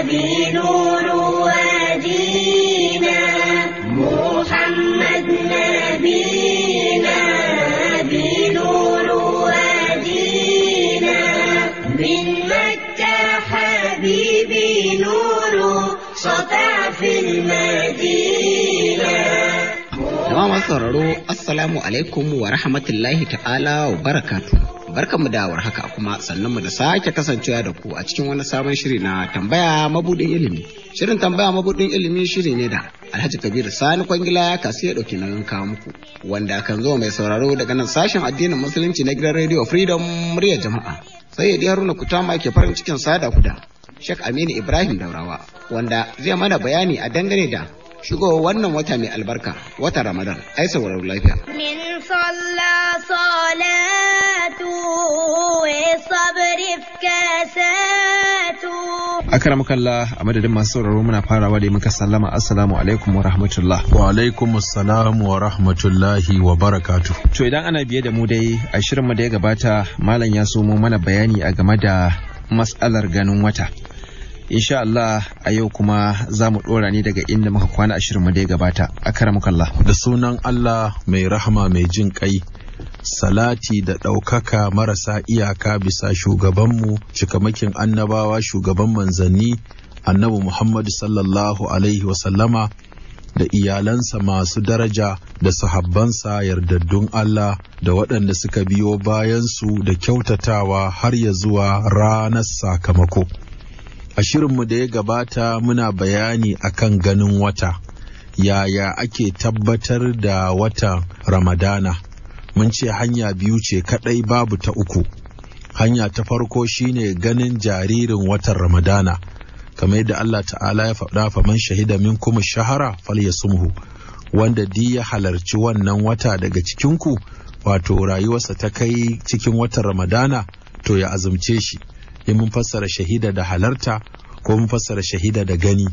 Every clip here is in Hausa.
الذي نور وادينا محمد نبينا بنور وادينا من مكة حبيبي نور سطع في المدينة Jama'a masu sauraro, Assalamu alaikum wa rahmatullahi ta'ala wa barakatuh. barkanmu da haka kuma sannan mu da sake kasancewa da ku a cikin wani sabon shiri na tambaya mabudin ilimi shirin tambaya mabudin ilimi shiri ne da alhaji Kabiru sani kwangila ya kasu ya ɗauki nauyin kawo muku wanda kan zo mai sauraro daga nan sashen addinin musulunci na gidan radio freedom murya jama'a sai ya diyar haruna kutama ke farin cikin sada kuda shek aminu ibrahim daurawa wanda zai mana bayani a dangane da shigo wannan wata mai albarka wata ramadan ai sauraro lafiya min Akaram kalla a madadin masu sauraro muna farawa da muka sallama assalamu alaikum wa rahmatullah. Wa alaikum assalam wa rahmatullahi wa barakatu. To idan ana biye da mu dai a mu da ya gabata malam ya somo mana bayani a game da matsalar ganin wata. Insha Allah a yau kuma za mu ɗora ne daga inda muka kwana a mu da ya gabata. Akaram kalla. Da sunan Allah mai rahama mai jin kai salati da ɗaukaka marasa iyaka bisa shugabanmu cikamakin annabawa shugaban manzanni annabi Muhammadu sallallahu alaihi wasallama da iyalansa masu daraja da sahabbansa yardaddun Allah da waɗanda suka biyo bayansu da kyautatawa har ya zuwa ranar sakamako. A shirinmu da ya gabata muna bayani akan ganin wata, yaya ake tabbatar da watan Ramadana. mun ce hanya biyu ce kadai babu ta uku hanya ta farko shine ganin jaririn watan ramadana kamar yadda Allah ta'ala ya faɗa fa man shahida minkum shahara falyasumhu wanda di ya halarci wannan wata daga cikin ku wato rayuwarsa ta kai cikin watan ramadana to ya azumce shi in mun fassara shahida da halarta ko mun fassara shahida da gani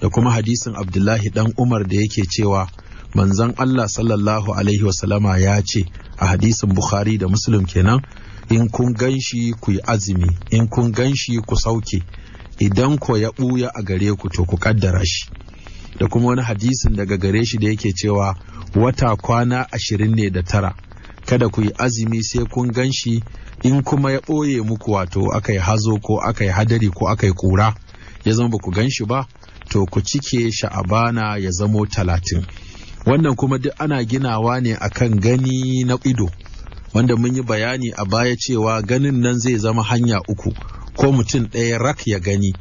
da kuma hadisin abdullahi dan umar da yake cewa manzon Allah sallallahu alaihi wasallama ya ce a hadisin Bukhari da Muslim kenan in kun ganshi ku yi azumi in kun ganshi ku sauke idan ko ya ɓuya a gare ku to ku kaddara shi da kuma wani hadisin daga gare shi da yake cewa wata kwana ashirin ne da tara kada ku yi azumi sai kun ganshi in kuma ya ɓoye muku wato aka yi hazo ko aka yi hadari ko aka yi ƙura ya zama ba ku ganshi ba to ku cike sha'abana ya zamo talatin wannan kuma duk ana ginawa ne akan gani na ido wanda mun yi bayani a baya cewa ganin nan zai zama hanya uku ko mutum ɗaya rak ya gani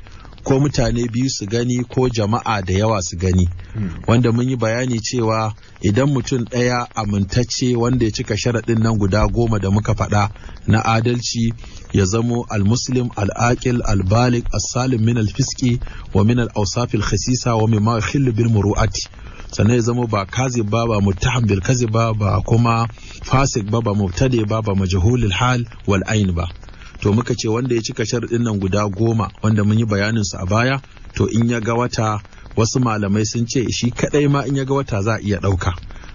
ko mutane biyu su gani ko jama'a da yawa su gani hmm. wanda mun yi bayani cewa idan mutum ɗaya amintacce wanda ya cika sharaɗin nan guda goma da muka faɗa na adalci ya zamo almuslim al albalik as-salim min al-fiski wa min al-awsaf khasisa wa min yakhillu bil muru'ati sannan ya zama ba kazib ba ba muttaham bil kazib ba ba kuma fasik ba ba mubtadi ba ba majhulul hal wal ain ba to muka ce wanda ya cika sharadin nan guda goma wanda mun yi bayanin su a baya to in ya ga wata wasu malamai sun ce shi kadai ma in ya ga wata za a iya ɗauka.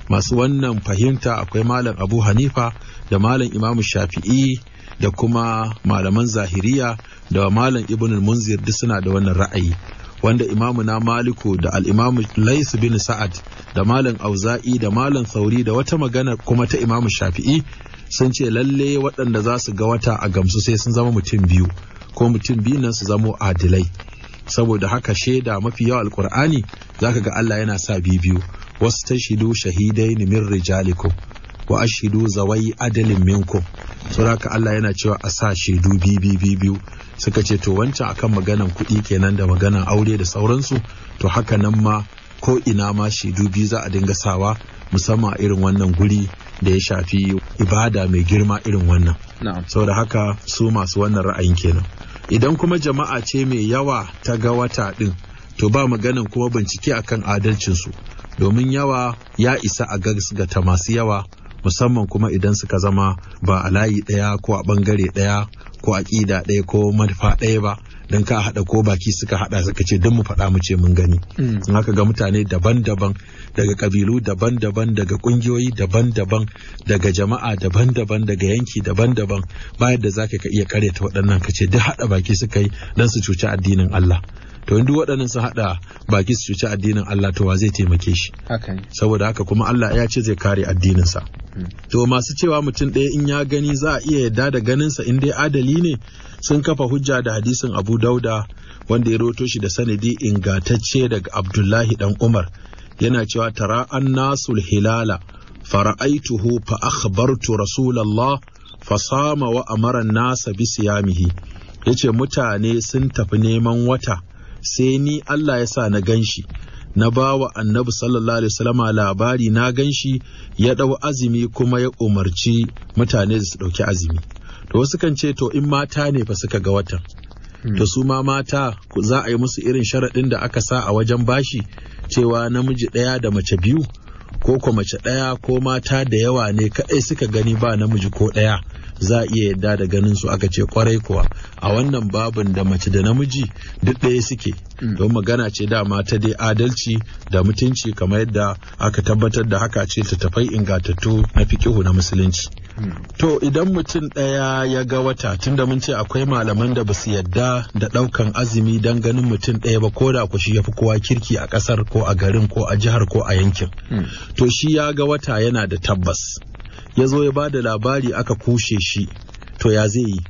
masu wannan fahimta akwai malam abu hanifa da malam imamu shafi'i da kuma malaman zahiriya da malam ibn munzir duk suna da wannan ra'ayi wanda imamu na maliku da al'imamu lais bin sa'ad da malam auza'i da malam sauri da wata magana kuma ta imamu shafi'i sun ce lalle waɗanda za su ga wata a gamsu sai sun zama mutum biyu ko mutum biyu nan su zamo adilai saboda haka shaida mafi yawa alkur'ani zaka ga Allah yana sa biyu wasu ta tashidu shahidai min rijalikum wa ashidu zawai adalin minkum haka Allah yana cewa a sa shaidu biyu biyu suka ce to wancan akan maganan kuɗi kenan da maganan aure da sauransu to haka nan ma ko ina ma shaidu biyu za a dinga sawa musamman a irin wannan guri da ya shafi ibada mai girma irin wannan saboda haka su masu wannan ra'ayin kenan idan kuma jama'a ce mai yawa ta ga wata din. to ba maganan kuma bincike akan adalcinsu domin yawa ya isa a gasgata masu yawa musamman kuma idan suka zama ba a layi ɗaya ko a ɓangare ɗaya ko a ƙida ɗaya ko manufa ɗaya ba don ka haɗa ko baki suka haɗa suka ce don mu faɗa mu ce mun gani. Hmm. In haka ga mutane daban-daban daga kabilu daban-daban daga ƙungiyoyi daban-daban daga jama'a daban-daban daga yanki daban-daban bayan da zaka ka iya karyata waɗannan ka ce duk haɗa baki suka yi don su cuci addinin Allah. to duk waɗannan su haɗa baki su cuci addinin Allah to wa zai taimake shi saboda haka kuma Allah ya ce zai kare addinin sa. Hmm. to masu cewa mutum ɗaya in ya gani za a iya yadda da ganin sa in dai adali ne sun kafa hujja da hadisin Abu Dauda wanda ya roto shi da sanadi ingantacce daga Abdullahi dan Umar yana cewa tara annasul hilala fara'aituhu fa akhbartu rasulallah fasama wa amara nasa bi siyamihi yace mutane sun tafi neman wata sai ni Allah ya sa na gan shi na ba wa annabi sallallahu alaihi wasallama labari na gan shi ya dau azumi kuma ya umarci mutane su dauki azumi to wasu kan ce to in mata ne fa suka ga watan to su ma mata za a yi musu irin sharaɗin da aka sa a wajen bashi cewa namiji ɗaya da mace biyu ko ko mace ɗaya ko mata da yawa ne kaɗai suka gani ba namiji ko ɗaya za a iya yadda da ganin su aka ce kwarai kuwa a wannan babin da mace da namiji duk ɗaya suke mm. don magana ce dama ta dai adalci da mutunci kamar yadda aka tabbatar da haka ce ta tafai ingantattu na fikihu na musulunci mm. to idan mutum ɗaya ya ga wata tunda mun ce akwai malaman da basu yadda da ɗaukan azumi don ganin mutum ɗaya ba ko da ku shi ya fi kowa kirki a ƙasar ko a garin ko a jihar ko a yankin mm. to shi ya ga wata yana da tabbas ya zo ya bada labari aka kushe shi to ya zai yi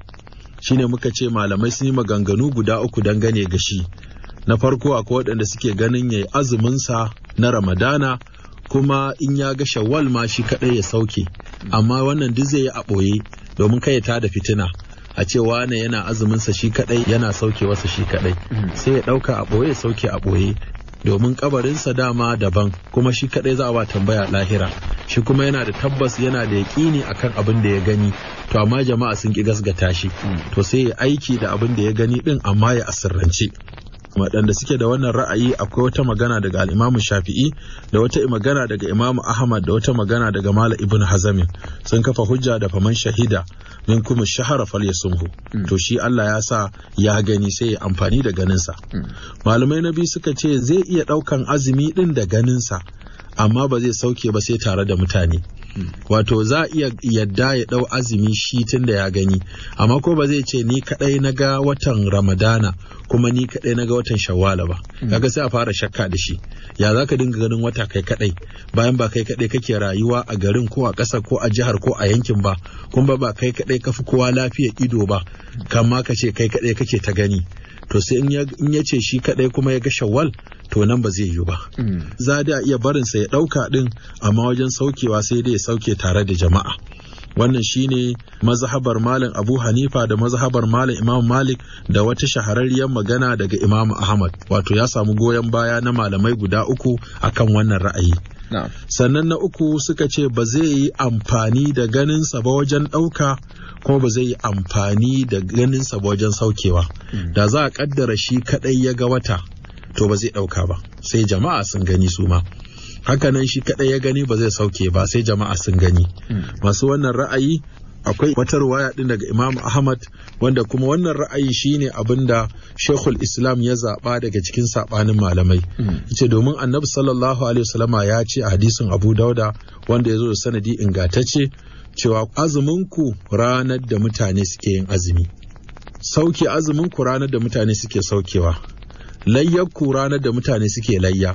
shi ne muka ce malamai sun yi maganganu guda uku gane ga shi na farko akwai waɗanda suke ganin ya yi azuminsa na ramadana kuma in ya ga shawwal ma shi kaɗai ya sauke amma wannan duk zai yi a ɓoye domin kai ta da fitina a ce wane yana azuminsa shi kaɗai yana sauke wasa shi kaɗai mm-hmm. sai ya ɗauka a ɓoye sauke a ɓoye domin kabarinsa dama daban kuma shi kadai za a ba tambaya lahira shi kuma yana da tabbas yana da yaƙini akan abin da ya gani to amma jama'a sun ki gasgata shi hmm. to sai ya aiki da abin da ya gani din amma ya asirrance waɗanda suke da wannan ra'ayi akwai wata magana daga al'imamu shafi'i da wata magana daga imamu ahmad da wata magana daga mala ibn hazamin sun kafa hujja da faman shahida min kuma shahara fal yasumhu mm. to shi Allah ya sa ya gani sai ya amfani da ganinsa mm. malamai na biyu suka ce zai iya ɗaukan azumi ɗin da ganinsa amma ba zai sauke ba sai tare da mutane wato za a iya yadda ya ɗau azumi shi tun da ya gani amma ko ba zai ce ni kaɗai na ga watan ramadana kuma ni kaɗai na ga watan shawwala ba mm. kaga sai a fara shakka da shi ya za ka dinga ganin wata kai kaɗai bayan ba kai kaɗai kake rayuwa a garin ko a ƙasa ko a jihar ko a yankin ba kuma ba kai kaɗai ka fi kowa lafiya ido ba kama ka ce kai kaɗai kake ta gani to sai in ya ce shi kaɗai kuma ya ga shawwal to nan ba zai yiwu ba mm. za da iya barinsa ya ɗauka ɗin amma wajen saukewa sai dai ya sauke tare da jama'a wannan shine mazhabar malam abu hanifa da mazhabar malam imam malik da wata shahararriyar magana daga imam ahmad wato ya samu goyon baya na malamai guda uku akan wannan ra'ayi sannan na uku suka ce ba zai yi amfani da ganinsa ba wajen ɗauka kuma ba zai yi amfani da ganinsa ba wajen saukewa mm. da za a ƙaddara shi kaɗai ya ga wata to ba zai ɗauka ba sai jama'a sun gani su ma hakanan shi kaɗai ya gani ba zai sauke ba sai jama'a sun gani hmm. masu wannan ra'ayi akwai wata ruwaya ɗin daga Imam Ahmad wanda kuma wannan ra'ayi shine abinda Sheikhul Islam ya zaba daga cikin saɓanin malamai hmm. yace domin Annabi sallallahu alaihi wasallama ya ce a hadisin Abu Dauda wanda yazo da sanadi ingatacce cewa azumin ranar da mutane suke yin azumi sauke azumin ku ranar da mutane suke saukewa layyar ranar da mutane suke layya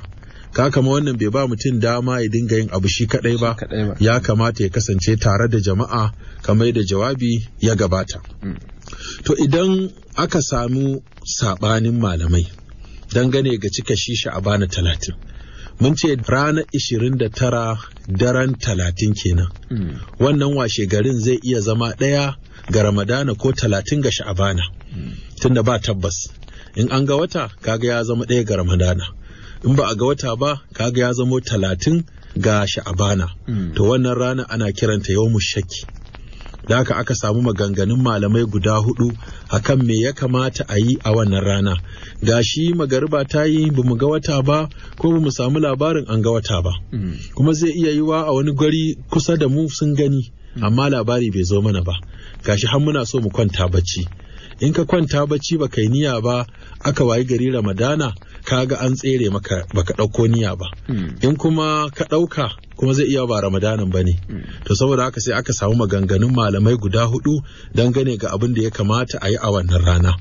ka kama wannan bai ba mutum dama ya dinga yin abu shi kadai ba ya kamata ya kasance tare da jama'a kamar da jawabi ya gabata mm. to idan aka samu sabanin malamai dangane ga cika shi a bana talatin mun ce ranar tara daren talatin kenan mm. wannan washe garin zai iya zama ɗaya ga ramadana ko talatin ga sha'abana mm. tunda ba tabbas in an ga wata kaga ya zama ɗaya ga ramadana in ba a ga wata ba kaga ya zama talatin ga sha'abana hmm. to wannan rana ana kiranta yau shakki da haka aka samu maganganun malamai guda hudu kan me ya kamata a yi a wannan rana ga shi magariba ta yi ba mu ga wata ba ko ba mu samu labarin an ga wata ba hmm. kuma zai iya yiwa a wani gwari kusa da mu sun gani hmm. amma labari bai zo mana ba gashi har muna so mu kwanta bacci in ka kwanta bacci baka yi niyya ba aka wayi gari ramadana ka ga an tsere maka baka ɗauko niyya ba hmm. in kuma ka ɗauka kuma zai iya ba ramadanan ba ne hmm. to saboda haka sai aka samu maganganun malamai guda hudu gane ga abin da ya kamata a yi a wannan rana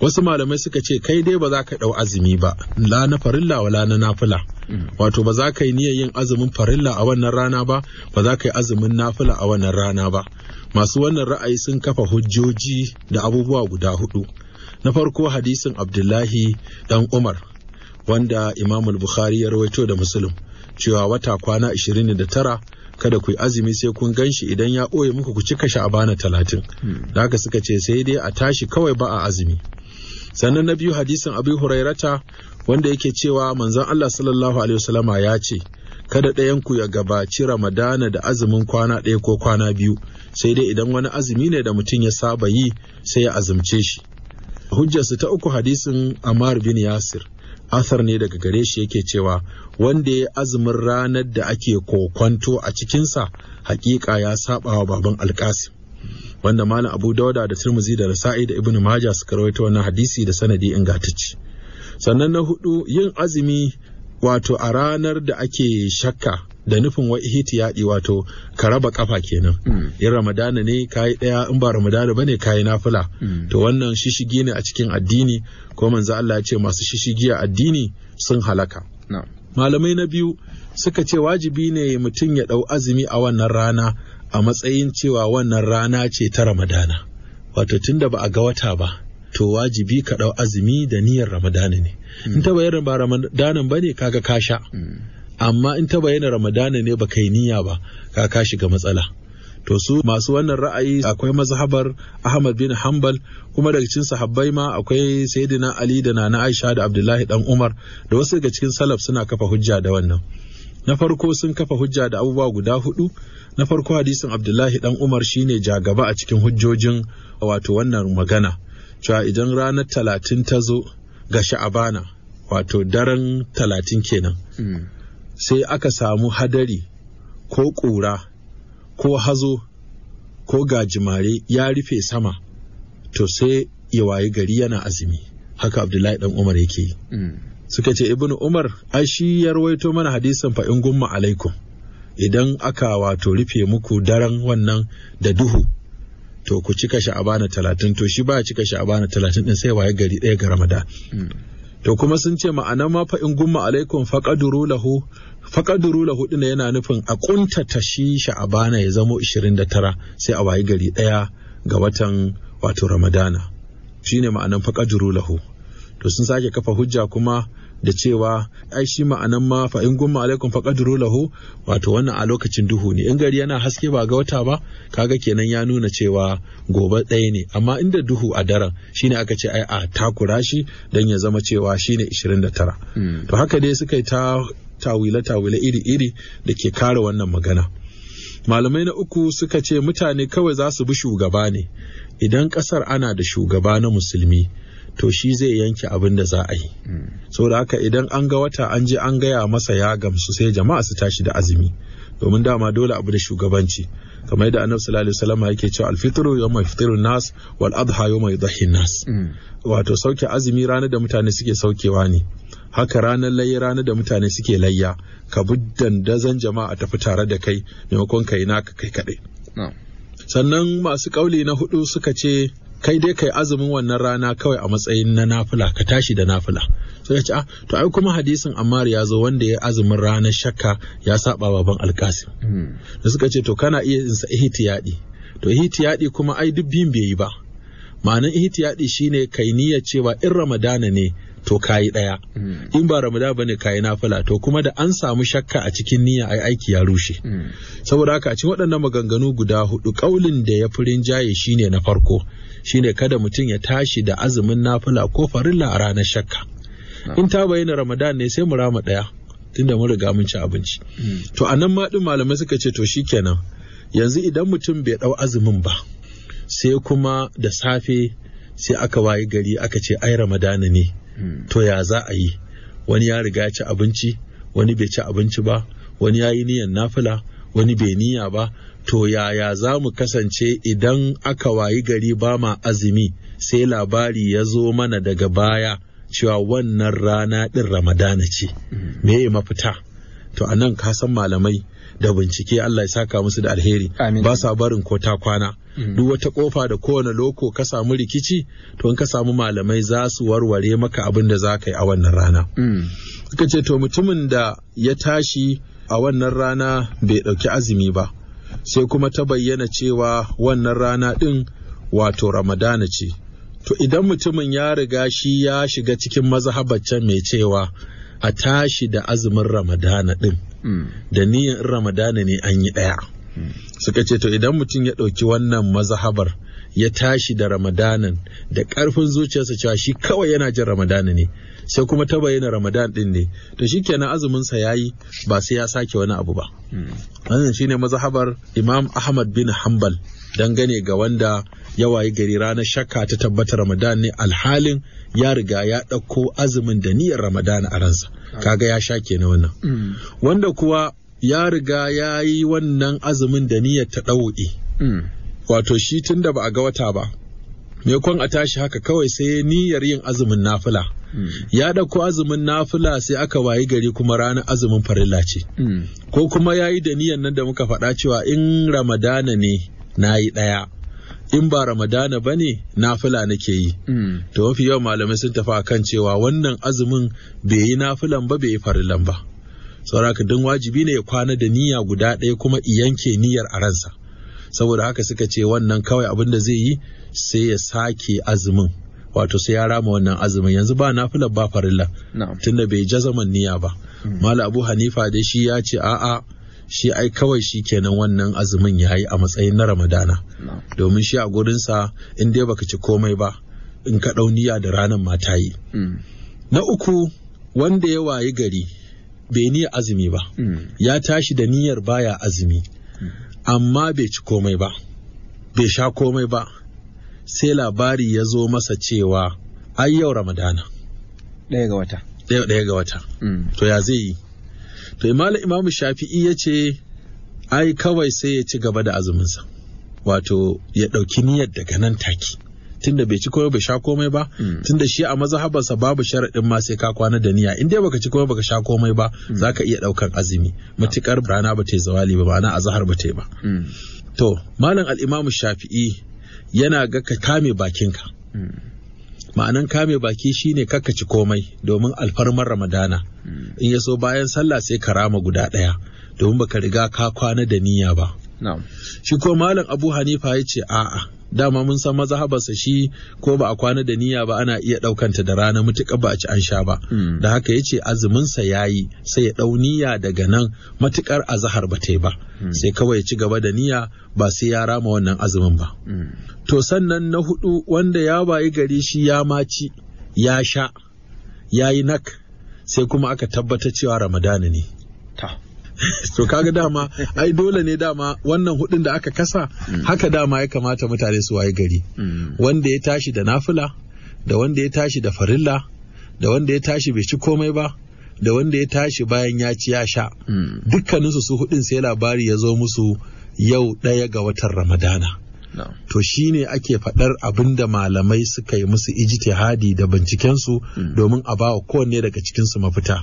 wasu malamai suka ce kai dai ba za ka ɗau azumi ba la na farilla wa la na nafila hmm. wato ba za ka yi niyyar yin azumin farilla a wannan rana ba ba za ka yi azumin nafila a wannan rana ba masu wannan ra'ayi sun kafa hujjoji da abubuwa guda hudu na farko hadisin abdullahi dan umar wanda imamul bukhari ya rawaito da muslim cewa wata kwana 29 kada ku yi azumi sai kun gan shi idan ya ɓoye muku ku cika sha'abana talatin hmm. da haka suka ce sai dai a tashi kawai ba a azumi sannan na biyu hadisin abu hurairata wanda yake cewa manzon allah sallallahu alaihi wasallama ya ce kada ɗayan ku ya gabaci ramadana da azumin kwana ɗaya ko kwana biyu sai dai idan wani azumi ne da mutum ya saba yi sai ya azumce shi hujjarsu ta uku hadisin amar bin yasir Athar ne daga gare shi yake cewa wanda ya azumin ranar da ake kokwanto a cikinsa hakika ya saba wa baban alkasim wanda malam abu dauda da turmuzi da nasa'i da ibnu maja suka rawaito wannan hadisi da sanadi ingantacce sannan na hudu yin azumi wato a ranar da ake shakka da nufin wa yaɗi wato ka raba kafa kenan hmm. in ramadana ne ka yi ɗaya in ba ramadana bane kayi nafila hmm. to wannan shishigi ne a cikin addini ko manzo Allah ya ce masu shishigi a addini sun halaka malamai na biyu suka ce wajibi ne mutum ya ɗau azumi a wannan rana a matsayin cewa wannan rana ce ta ramadana wato tunda ba a ga wata ba to wajibi ka ɗau azumi da niyyar ramadana ne in hmm. ta bayyana ba ramadana ba ne kaga ka sha hmm. amma in ta bayyana ramadana ne baka yi niyya ba ka ka shiga matsala to su masu wannan ra'ayi akwai mazhabar Ahmad bin Hanbal kuma daga cikin sahabbai ma akwai Sayyidina Ali da Nana Aisha da Abdullahi dan Umar da wasu daga cikin salaf suna kafa hujja da wannan na farko sun kafa hujja da abubuwa guda hudu na farko hadisin Abdullahi dan Umar shine jagaba a cikin hujjojin wato wannan magana cewa idan ranar talatin ta zo ga sha'abana wato daren talatin kenan hmm. sai aka samu hadari ko ƙura ko hazo ko gajimare ya rufe sama to sai ya wayi gari yana azumi haka abdullahi dan umar yake yi hmm. suka ce ibnu umar ai shi ya rawaito mana hadisin fa'in gumma alaikum idan aka wato rufe muku daren wannan da duhu to ku cika sha'abana talatin to shi ba cika sha'abana talatin din sai waye gari ɗaya ga ramadan to kuma sun ce ma'ana ma fa in gumma alaikum faqaduru lahu faqaduru lahu din yana nufin a kuntata shi sha'abana ya zamo 29 sai a wayi gari ɗaya ga watan wato ramadana shine ma'anan faqaduru lahu to sun sake kafa hujja kuma da cewa ai shi ma'anan ma fa in gumma alaikum fa lahu wato wannan a lokacin duhu ne in gari yana haske ba ga wata ba kaga kenan ya nuna cewa gobe ɗaya ne amma inda duhu a daren shine aka ce ai a takura shi dan ya zama cewa shine 29 tara. Hmm. to haka dai suka yi ta tawila tawile iri iri da ke kare wannan magana malamai na uku suka ce mutane kawai za su bi shugaba ne idan kasar ana da shugaba na musulmi to shi zai yanke abin da za a yi saboda haka idan an ga wata an je an gaya masa ya gamsu sai jama'a su tashi da azumi domin dama dole abu da shugabanci kamar yadda annabi sallallahu alaihi wasallam yake cewa alfitru yawma yaftiru nas wal adha yawma yudhi nas wato sauke azumi ranar da mutane suke saukewa ne haka ranar layya ranar da mutane suke layya ka buddan dazan jama'a tafi tare da kai maimakon kai naka kai kadai sannan masu kauli na hudu suka ce kai dai kai azumin wannan rana kawai a matsayin na nafila ka tashi da nafila sai ya ce ah to ai kuma hadisin ammar ya zo wanda ya azumin ranar shakka ya saba baban alkasim hmm. da suka ce to kana iya yin ihtiyadi to ihtiyadi kuma ai duk biyun bai yi ba ma'anin ihtiyadi shine kai niyyar cewa in ramadana ne to kayi ɗaya hmm. in ba ramadan bane kayi nafila to kuma da an samu shakka a cikin niyya ai aiki ya rushe hmm. saboda haka a cikin waɗannan maganganu guda hudu kaulin da ya fi rinjaye shine na farko shine kada mutum ya tashi da azumin nafila ko farilla a ranar shakka in ta bayyana ramadan ne sai mu rama ɗaya tunda mun riga mun ci abinci hmm. to anan ma din malamai suka ce to shikenan yanzu idan mutum bai ɗau azumin ba sai kuma da safe sai aka wayi gari aka ce ai ramadana ne to ya za a yi wani ya riga ci abinci wani bai ci abinci ba wani ya yi niyan nafila wani bai niyya ba to yaya za mu kasance idan aka wayi gari ba ma azumi sai labari ya zo mana daga baya cewa wannan rana ɗin ramadana ce mm. me mafita to a nan ka san malamai da bincike Allah ya saka musu da alheri ba sa barin ko ta kwana mm. duk wata kofa da kowane loko ka samu rikici to in ka samu malamai za su warware maka abin da za ka yi a wannan rana mm. ka ce to mutumin da ya tashi a wannan rana bai ɗauki azumi ba sai kuma ta bayyana cewa wannan rana din wato ramadana ce to idan mutumin ya riga shi ya shiga cikin mazhabar mai cewa a tashi da azumin ramadana din hmm. da niyan ramadana ne an yi ɗaya hmm. suka ce to idan mutum ya ɗauki wannan mazhabar ya tashi da ramadanan da ƙarfin zuciyarsa cewa shi kawai yana jin ramadana ne sai kuma ta bayyana ramadan din ne to shikenan azumin sa yayi ba sai ya sake wani abu ba wannan shine mazhabar imam ahmad bin hanbal dangane ga wanda ya wayi gari ranar shakka ta tabbata ramadan ne alhalin ya riga ya ɗauko azumin da niyyar ramadan a ransa kaga ya sha na wannan wanda kuwa ya riga ya yi wannan azumin da niyyar ta ɗau'i wato shi tun da ba a ga wata ba Me maimakon a tashi haka kawai sai niyyar yin azumin nafila ya ɗauko azumin nafila sai aka wayi gari kuma ranar azumin farilla ce ko kuma ya yi da niyan nan da muka faɗa cewa in ramadana ne na yi ɗaya in ba ramadana ba ne nafila nake yi to mafi yawan malamai sun tafi kan cewa wannan azumin bai yi nafilan ba bai yi farillan ba sauraka don wajibi ne ya kwana da niyya guda ɗaya kuma iyanke niyyar a ransa saboda haka suka ce wannan kawai abin da zai yi sai ya sake azumin wato sai ya rama wannan azumin yanzu ba nafilar ba farilla tunda bai jazaman niyya ba hmm. mala abu hanifa dai shi ya ce a'a shi ai kawai shi kenan wannan azumin ya yi a matsayin na ramadana domin shi a gurinsa in dai baka ci komai ba in ka dau niyya da ranar mata yi hmm. na uku wanda ya wayi gari bai niyya azumi ba hmm. ya tashi da niyyar baya azumi amma bai ci komai ba bai sha komai ba sai labari ya zo masa cewa ai yau ramadana ɗaya ga wata ɗaya ga wata mm. to ya zai yi to imamu imamu shafi'i ya ce ai kawai sai ya ci gaba da azuminsa wato ya ɗauki niyyar daga nan take tunda bai ci komai bai sha komai ba mm. tunda shi a mazhabarsa babu sharaɗin ma sai ka kwana da niyya in dai baka ci komai baka sha komai ba mm. Za ka iya ɗaukan azumi matukar rana ba ta yi zawali ba ma'ana azahar ba ta yi ba to malam al shafi'i yana ga ka kame bakinka ma'anan kame baki shine ci komai domin alfarmar ramadana in ya so bayan sallah sai ka rama guda ɗaya domin baka riga ka kwana da niyya ba shi ko malam abu hanifa yace a'a dama mun san maza mazhabarsa shi ko ba a kwana da niyya ba ana iya ɗaukanta da rana mutuka ba a ci an sha ba hmm. da haka yace ce azuminsa yayi yi sai ya ɗau niyya daga nan matukar azahar ba ta ba hmm. sai kawai ya ci gaba da niyya ba sai ya rama wannan azumin ba hmm. to sannan na hudu wanda ya bayi gari shi ya maci ya sha yayi nak sai kuma aka tabbata cewa ramadana ne to kaga dama ai dole ne dama wannan hudun da aka kasa mm. haka dama ya kamata mutane su waye gari mm. wanda ya tashi da nafila da wanda ya tashi da farilla da wanda ya tashi bai ci komai ba da wanda ya tashi bayan ya ci ya sha mm. dukkaninsu su hudun sai labari ya zo musu yau ɗaya ga watan ramadana to shi ne ake faɗar abin da malamai suka yi musu ijtihadi da bincikensu domin a bawa kowanne daga cikinsu mafita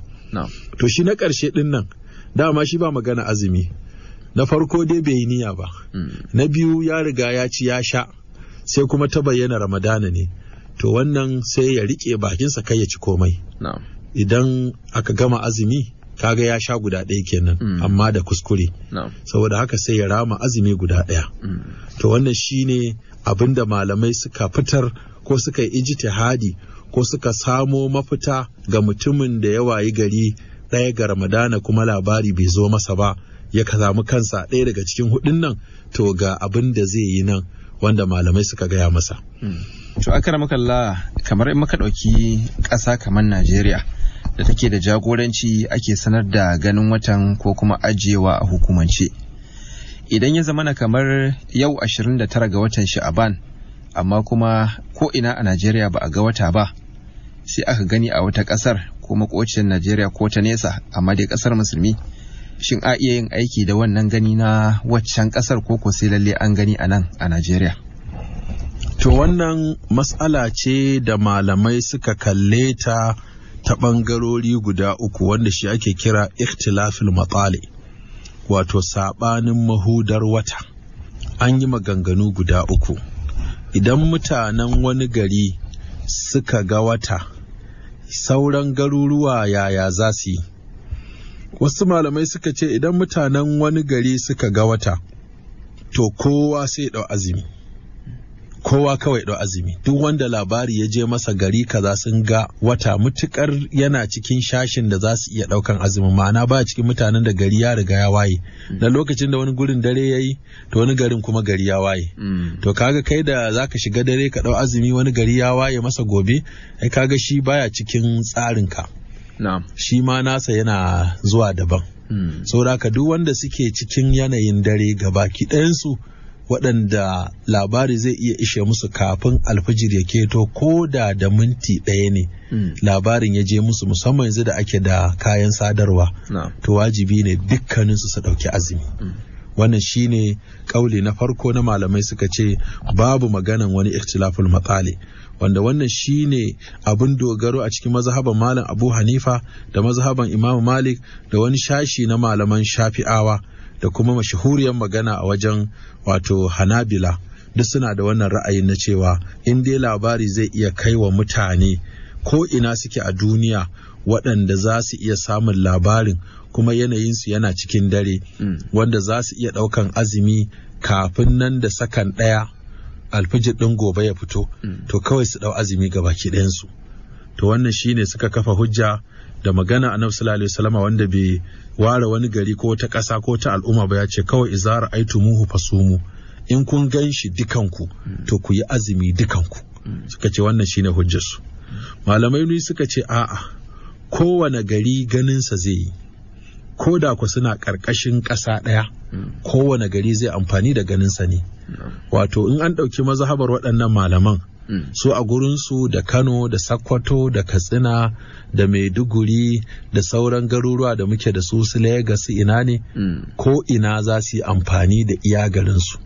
to shi na ƙarshe ɗin nan dama shi ba magana azumi na farko dai bai yi niyya ba hmm. na biyu ya riga ya ci ya sha sai kuma ta bayyana ramadana ne to wannan sai ya rike bakinsa kai ya ci komai idan aka gama azumi kaga ya sha guda ɗaya kenan hmm. amma da kuskure saboda haka sai ya rama azumi guda ɗaya hmm. to wannan shine abin da malamai suka fitar ko suka yi ijtihadi ko suka samo mafita ga mutumin da ya wayi gari ɗaya ga ramadana kuma labari bai zo masa ba ya samu kansa ɗaya daga cikin hudun nan to ga abin da zai yi nan wanda malamai suka gaya masa. Hmm. To akramakallah kamar in muka ɗauki ƙasa kamar Najeriya da take da jagoranci ake sanar da ganin watan ko kuma ajiyewa a hukumance. Idan ya zamana kamar yau ashirin da tara ga watan Sha'aban amma kuma ko ina a Najeriya ba a ga wata ba sai aka gani a wata ƙasar ko makocin Najeriya ko ta nesa amma dai kasar musulmi shin a iya yin aiki da wannan gani na waccan kasar ko ko sai lalle an gani anan a Najeriya to wannan matsala ce da malamai suka kalle ta ta bangarori guda uku wanda shi ake kira ikhtilafil matsali wato sabanin mahudar wata an yi maganganu guda uku idan mutanen wani gari suka ga wata sauran garuruwa yaya za su yi wasu malamai suka ce idan mutanen wani gari suka ga wata to kowa sai ɗau azumi kowa kawai ɗau azumi duk wanda labari ya je masa gari kaza sun ga wata mutukar yana cikin shashin da za su iya ɗaukan azumi ma'ana ba cikin mutanen da gari ya riga ya waye da mm. lokacin da wani gurin dare ya yi to wani garin kuma gari ya waye mm. to kaga kai da zaka shiga dare ka ɗau azumi wani gari ya waye masa gobe ai kaga shi baya cikin tsarin tsarinka shi ma nasa yana zuwa daban mm. saboda duk wanda suke cikin yanayin dare gabaki ɗayansu waɗanda labari zai iya ishe musu kafin alfijir ya keto ko da da minti ɗaya ne hmm. labarin ya je musu musamman yanzu da ake da kayan sadarwa to wajibi ne dukkaninsu su ɗauki azumi hmm. wannan shine ƙauli na farko na malamai suka ce babu maganan wani ikhtilaful matsali wanda wannan shine abin dogaro a cikin mazhaban malam abu hanifa da mazhaban Imam malik da wani shashi na malaman shafi'awa da kuma mashahuriyar magana a wajen wato hanabila duk suna da wannan ra'ayin na cewa in dai labari zai iya kai wa mutane ko ina suke a duniya waɗanda za su iya samun labarin kuma yanayinsu yana cikin dare mm. wanda za su iya ɗaukan azumi kafin nan da sakan ɗaya alfijir ɗin gobe ya fito mm. to kawai su ɗau azumi ga baki ɗayansu to wannan shine suka kafa hujja da magana a sallallahu wanda bai ware wani gari ko ta ƙasa ko ta al'umma ba ya ce kawai izara aitumuhu fasumu in kun gan shi dukanku to ku yi azumi dukanku suka ce wannan shine hujjarsu malamai ni suka ce a'a kowane gari ganinsa zai yi ko da ku suna ƙarƙashin ƙasa ɗaya kowane gari zai amfani da ganinsa ne wato in an ɗauki mazhabar waɗannan malaman su so, a gurinsu da kano da sakkwato da katsina da maiduguri da sauran garuruwa da muke da su su legas ina ne ko ina za su yi amfani da iya garinsu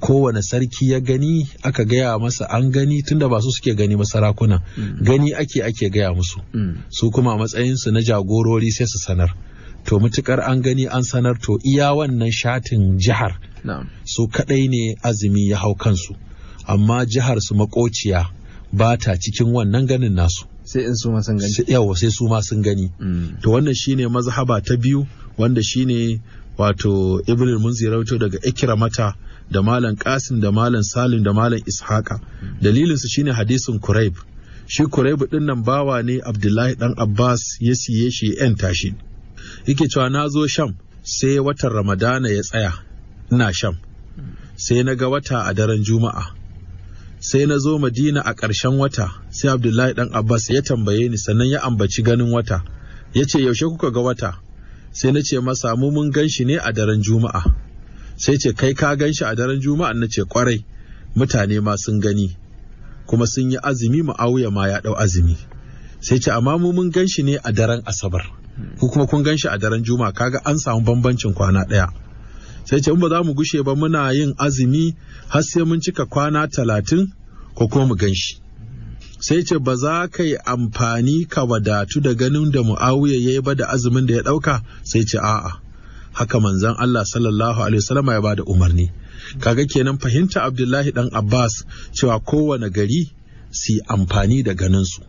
kowane sarki ya gani aka gaya masa an gani tunda ba su suke gani masarakuna mm. gani ake ake gaya musu mm. su kuma matsayin su na jagorori sai su sanar to mutukar an gani an sanar to iya wannan shatin jihar su kadai ne azumi ya hau kansu amma jihar su makociya ba ta cikin wannan ganin nasu sai in su ma sun gani yawa sai su ma sun gani mm. to wannan shine mazhaba ta biyu wanda shine wato ibn munzir rawaito daga ikramata da malam qasim da malam salim da malam ishaqa mm. dalilin su shine hadisin kuraib shi kuraibu din nan bawa ne abdullahi dan abbas ya siye shi yan tashi yake cewa na zo sham sai watan ramadana ya tsaya ina sham mm. sai na ga wata a daren juma'a sai na zo madina a ƙarshen wata sai abdullahi dan abbas ya tambaye ni sannan ya ambaci ganin wata ya ce yaushe kuka ga wata sai na ce masa mu mun gan shi ne a daren juma'a sai ce kai ka gan shi a daren juma'a na ce kwarai mutane ma sun gani kuma sun yi azumi ma'auya ma ya ɗau azumi sai ce amma mu mun gan shi ne a daren asabar ku kuma kun gan shi a daren juma'a kaga an samu bambancin kwana ɗaya sai ce ba za mu gushe ba muna yin azumi har sai mun cika kwana talatin ko kuma mu ganshi sai ce ba za ka yi amfani ka wadatu da ganin da mu'awiyar ya yi ba da azumin da ya ɗauka sai ce a'a haka manzon Allah sallallahu alaihi wasallama ya ba da umarni kaga kenan fahimta Abdullahi dan Abbas cewa kowane gari su yi amfani da ganinsu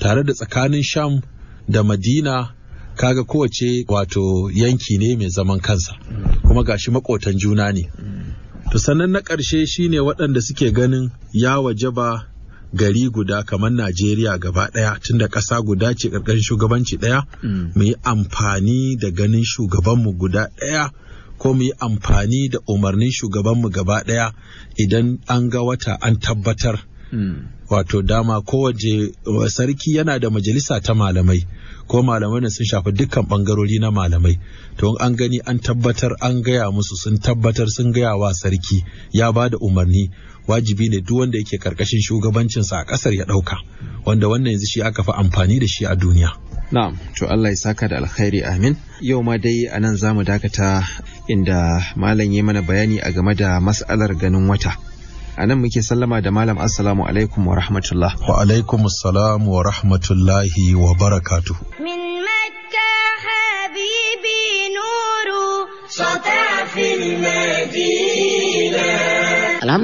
tare da tsakanin Sham da Madina kaga kowace wato yanki ne mai zaman kansa kuma gashi makotan juna ne to sannan na ƙarshe shine waɗanda suke ganin ya wajaba gari guda kamar Najeriya gaba ɗaya tunda ƙasa guda ce ƙarƙashin shugabanci ɗaya mu yi amfani da ganin shugabanmu guda ɗaya ko mu yi amfani da umarnin shugabanmu gaba ɗaya idan an ga wata an tabbatar. Hmm. Wato dama kowace sarki yana da majalisa ta malamai ko malamai ne sun shafi dukkan bangarori na malamai to an gani an tabbatar an gaya musu sun tabbatar sun gaya wa sarki ya ba da umarni wajibi ne duk wanda yake karkashin shugabancinsa a kasar ya dauka wanda wannan yanzu shi aka fi amfani da shi a duniya na'am to Allah ya saka da alkhairi amin yau ma dai anan zamu dakata inda malam ya mana bayani a game da mas'alar ganin wata a nan muke sallama da malam assalamu alaikum wa rahmatullah wa alaikum assalam wa rahmatullahi wa barakatuh min makka habibi nuru sata fil madina